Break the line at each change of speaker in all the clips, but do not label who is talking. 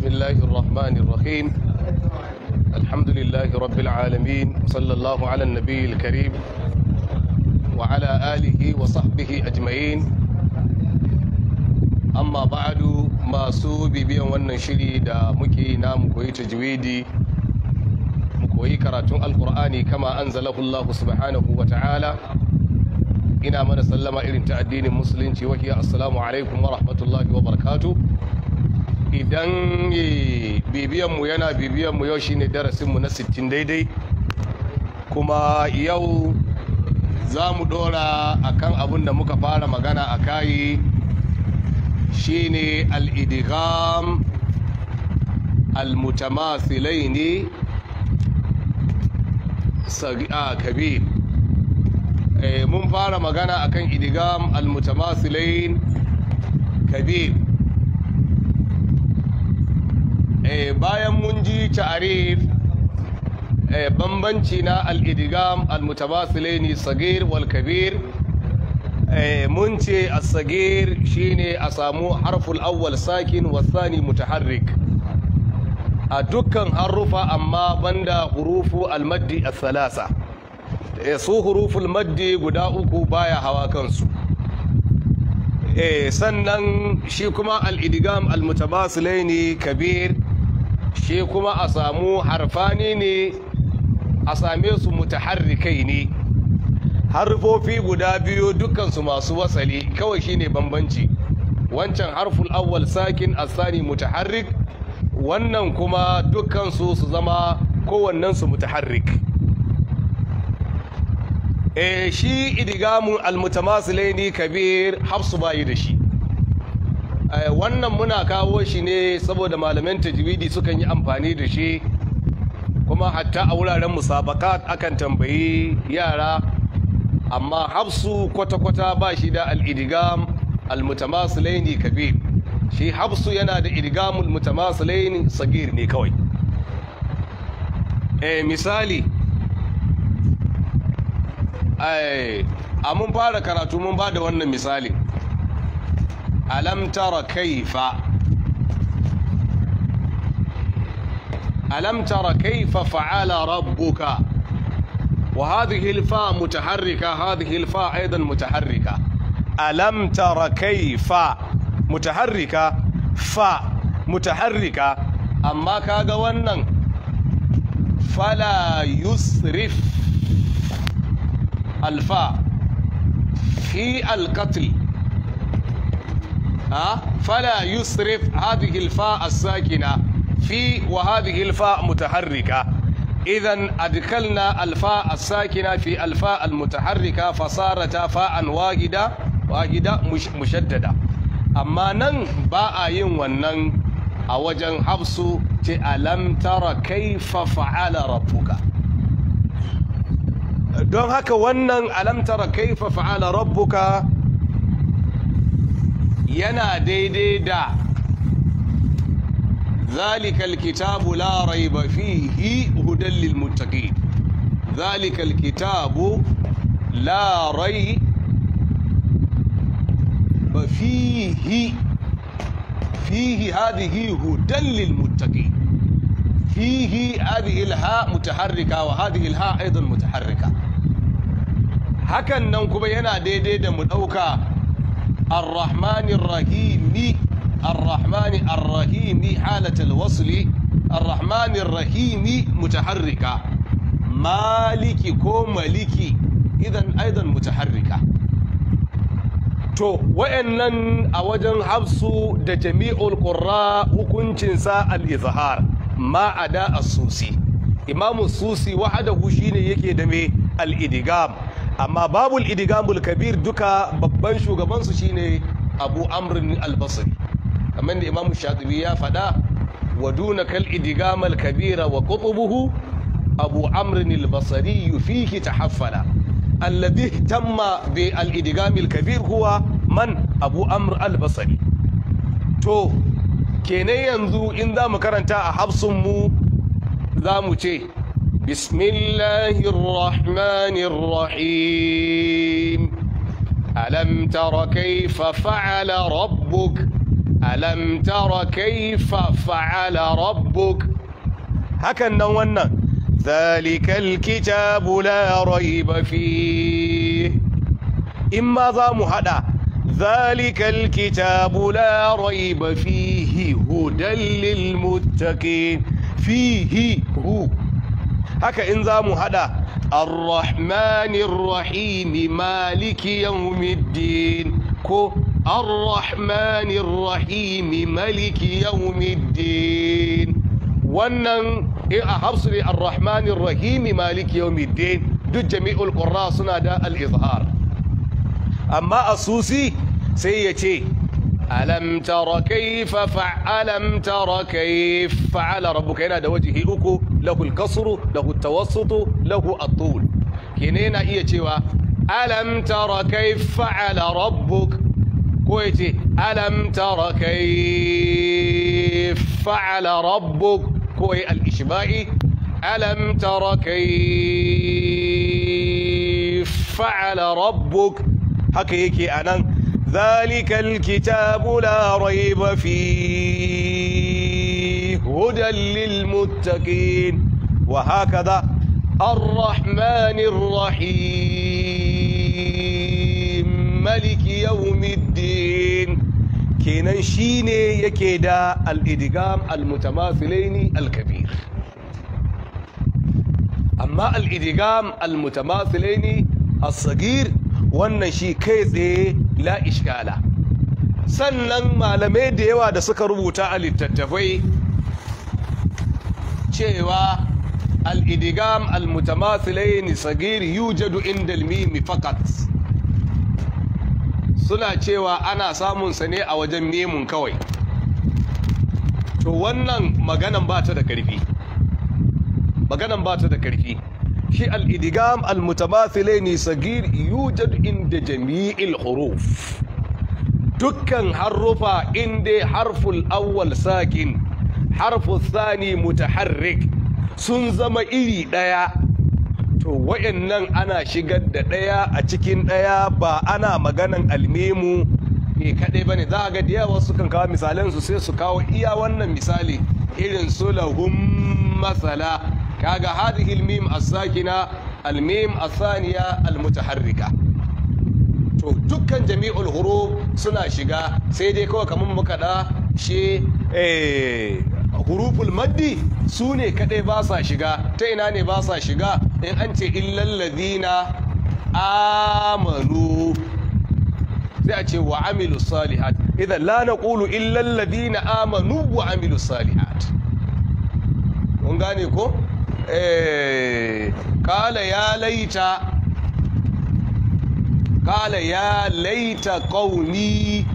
بسم الله الرحمن الرحيم الحمد لله رب العالمين صلى الله على النبي الكريم وعلى آله وصحبه أجمعين أما بعد ما سو بيبيان wannan shiri da muke na mukoyi koyi tajwidi mu koyi karatun alqur'ani kama anzalahu Allah subhanahu wa ta'ala ina mana sallama irin ta addinin musulunci wahiya assalamu alaikum wa rahmatullahi idan eh, bibiyanmu yana bibiyanmu yau shine darasinmu na 60 daidai kuma yau za mu dora akan abin da muka fara magana a kayi shine al'idigam almutamasilai ne a kabir eh, mun fara magana akan idigam almutamasilai kabir Eh, bayan mun ji ta'arif eh, bambanci na al'idigam al-mutabasilaini sagir wal kabir eh, mun ce a sagir shine a samu harful awwal sakin wasani mutaharrik a dukkan harufa amma banda hurufu almaddi as-salasa su huruful maddi guda uku baya hawa kansu sannan shi kuma al-idgham al kabir shi kuma a samu harfani ne a same su mutaharrikai ne harfofi guda biyu dukansu masu wasali kawai shine bambanci wancan harful awwal sakin asani mutaharrik wannan kuma dukansu su zama kowannensu mutaharrik e shi idigamun almutamasilai ne kabir hafsu bayi da shi Eh, wannan muna kawo shi ne saboda malaman tajwidi sukan yi amfani da shi kuma hatta a wuraren musabaka akan tambayi yara amma hafsu kwata-kwata ba shi da al'idigam al-mutamasulaini kabir shi hafsu yana da al-mutamasulaini sagir ne kawai eh misali ai eh, a mun fara karatu mun ba da wannan misali ألم تر كيف ألم تر كيف فعل ربك وهذه الفاء متحركة هذه الفاء أيضا متحركة ألم تر كيف متحركة فاء متحركة أما كاغا ونن فلا يسرف الفاء في القتل فلا يصرف هذه الفاء الساكنة في وهذه الفاء متحركة إذا أدخلنا الفاء الساكنة في الفاء المتحركة فصارت فاء واحدة واحدة مش مشددة أما نن باء ونن أوجن حفص ألم ترى كيف فعل ربك don haka wannan alamtara kaifa fa'ala rabbuka yana daidai da zalikal kitabu la raiba fihi hudan lil muttaqin zalikal kitabu la raiba fihi fihi hadhihi hudan lil muttaqin فيه هذه الهاء متحركة وهذه الهاء أيضا متحركة hakan nan kuma yana daidai da mu ɗauka الرحمن الرحيم الرحمن الرحيم حالة الوصل الرحمن الرحيم متحركة مالك كو مالكي إذا أيضا متحركة to wa'annan a wajen hafsu da jami'ul qurra hukuncinsa al-izhar ma ada as-susi imamu susi wahadahu shine yake da me al-idgham amma babul idigamul kabir duka babban shugabansu shine abu amrin albasari kamar da imamu shatibi ya faɗa wa duna kal idigamul kabira wa qutubuhu abu amrin albasri fihi tahaffala alladhi tamma bi al idigamil kabir huwa man abu amr albasri to kenan yanzu in za mu karanta a hafsun mu za mu ce بسم الله الرحمن الرحيم ألم تر كيف فعل ربك ألم تر كيف فعل ربك هكا نونا ذلك الكتاب لا ريب فيه إما ذا مهدا ذلك الكتاب لا ريب فيه هدى للمتقين فيه هو haka in za mu hada arrahmanir rahim maliki yawmiddin ko arrahmanir rahim maliki yawmiddin wannan in eh, a hafsu ne arrahmanir rahim maliki yawmiddin duk jami'ul qurra suna da al-izhar amma asusi sai ya ce alam tara kayfa fa'alam tara kayfa fa'ala rabbuka yana da wajihi uku lahu al-kasru lahu tawassutu lahu at-tul kene yana iya cewa alam tara kayfa ala rabbuk ko yace alam tara kayfa ala rabbuk ko ai al alam tara kayfa ala rabbuk haka yake anan ذلك الكتاب لا هدى للمتقين وهكذا الرحمن الرحيم ملك يوم الدين kenan shine yake da al-idgham al-mutamathilain al amma al-idgham al-mutamathilain as wannan shi kai tsaye la iskala sannan malamai da yawa da suka rubuta a littattafai cewa al-idigam al-mutamathilain sagir yujadu inda suna cewa ana samunsa ne a wajen memun kawai to wannan maganan ba ta da ƙarfi. maganan ba ta da shi al-idigam al inda jami'il huruf dukkan harufa inda harful awwal sakin harfu fusani mutaharrik sun zama iri ɗaya to nan ana shigar da ɗaya a cikin ɗaya ba ana maganan almemu ne kaɗai ba ne za a ga da yawa kan kawo su sai su kawo iya wannan misali irin su lahum masala kaga hadhihi hilmim as-sakina almim asaniya almutaharrika. to dukkan jami'ul huruf suna shiga sai dai kawai kamar muka da shi eh Hurufin maddi su ne kaɗai ba sa shiga ta ina ne ba sa shiga in an ce ladina amanu sai a ce wa amilu salihat idan la na ƙulu ladina amanu wa amilu salihat kun gane ko? Eh, kala ya laita kala ya laita ƙauni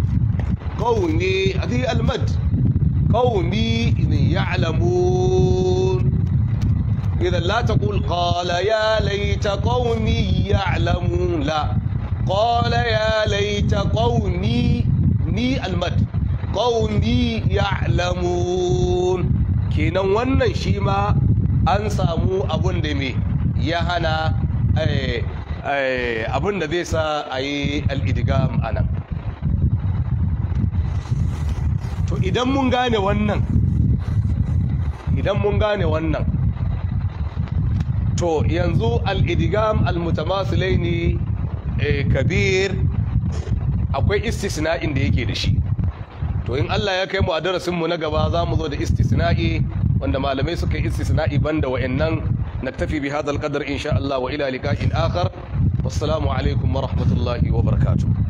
ƙauni a almad قومي إن يعلمون إذا لا تقول قال يا ليت قومي يعلمون لا قال يا ليت قومي ني المد قومي يعلمون kenan wannan shi ma an samu abun da me ya hana abun da zai sa a yi al'idigam a nan to idan mun gane wannan idan mun gane wannan to yanzu al'idigam al-mutamasilaini ne eh, kabir akwai istisna'in da yake da shi to in Allah ya kai mu a darasinmu na gaba za mu zo da istisna'i wanda malamai suka yi istisna'i banda na tafi bi hadal qadar insha Allah wa ila liqa'in akhar wassalamu alaikum wa rahmatullahi wa barakatuh